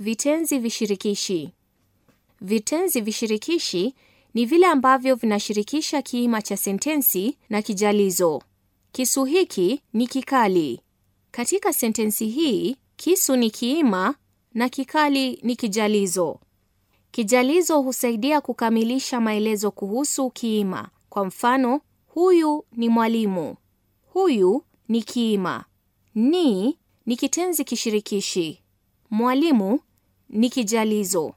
Vitenzi vishirikishi. Vitenzi vishirikishi ni vile ambavyo vinashirikisha kiima cha sentensi na kijalizo. Kisu hiki ni kikali. Katika sentensi hii, kisu ni kiima na kikali ni kijalizo. Kijalizo husaidia kukamilisha maelezo kuhusu kiima. Kwa mfano, huyu ni mwalimu. Huyu ni kiima. Ni ni kitenzi kishirikishi. Mwalimu ni kijalizo.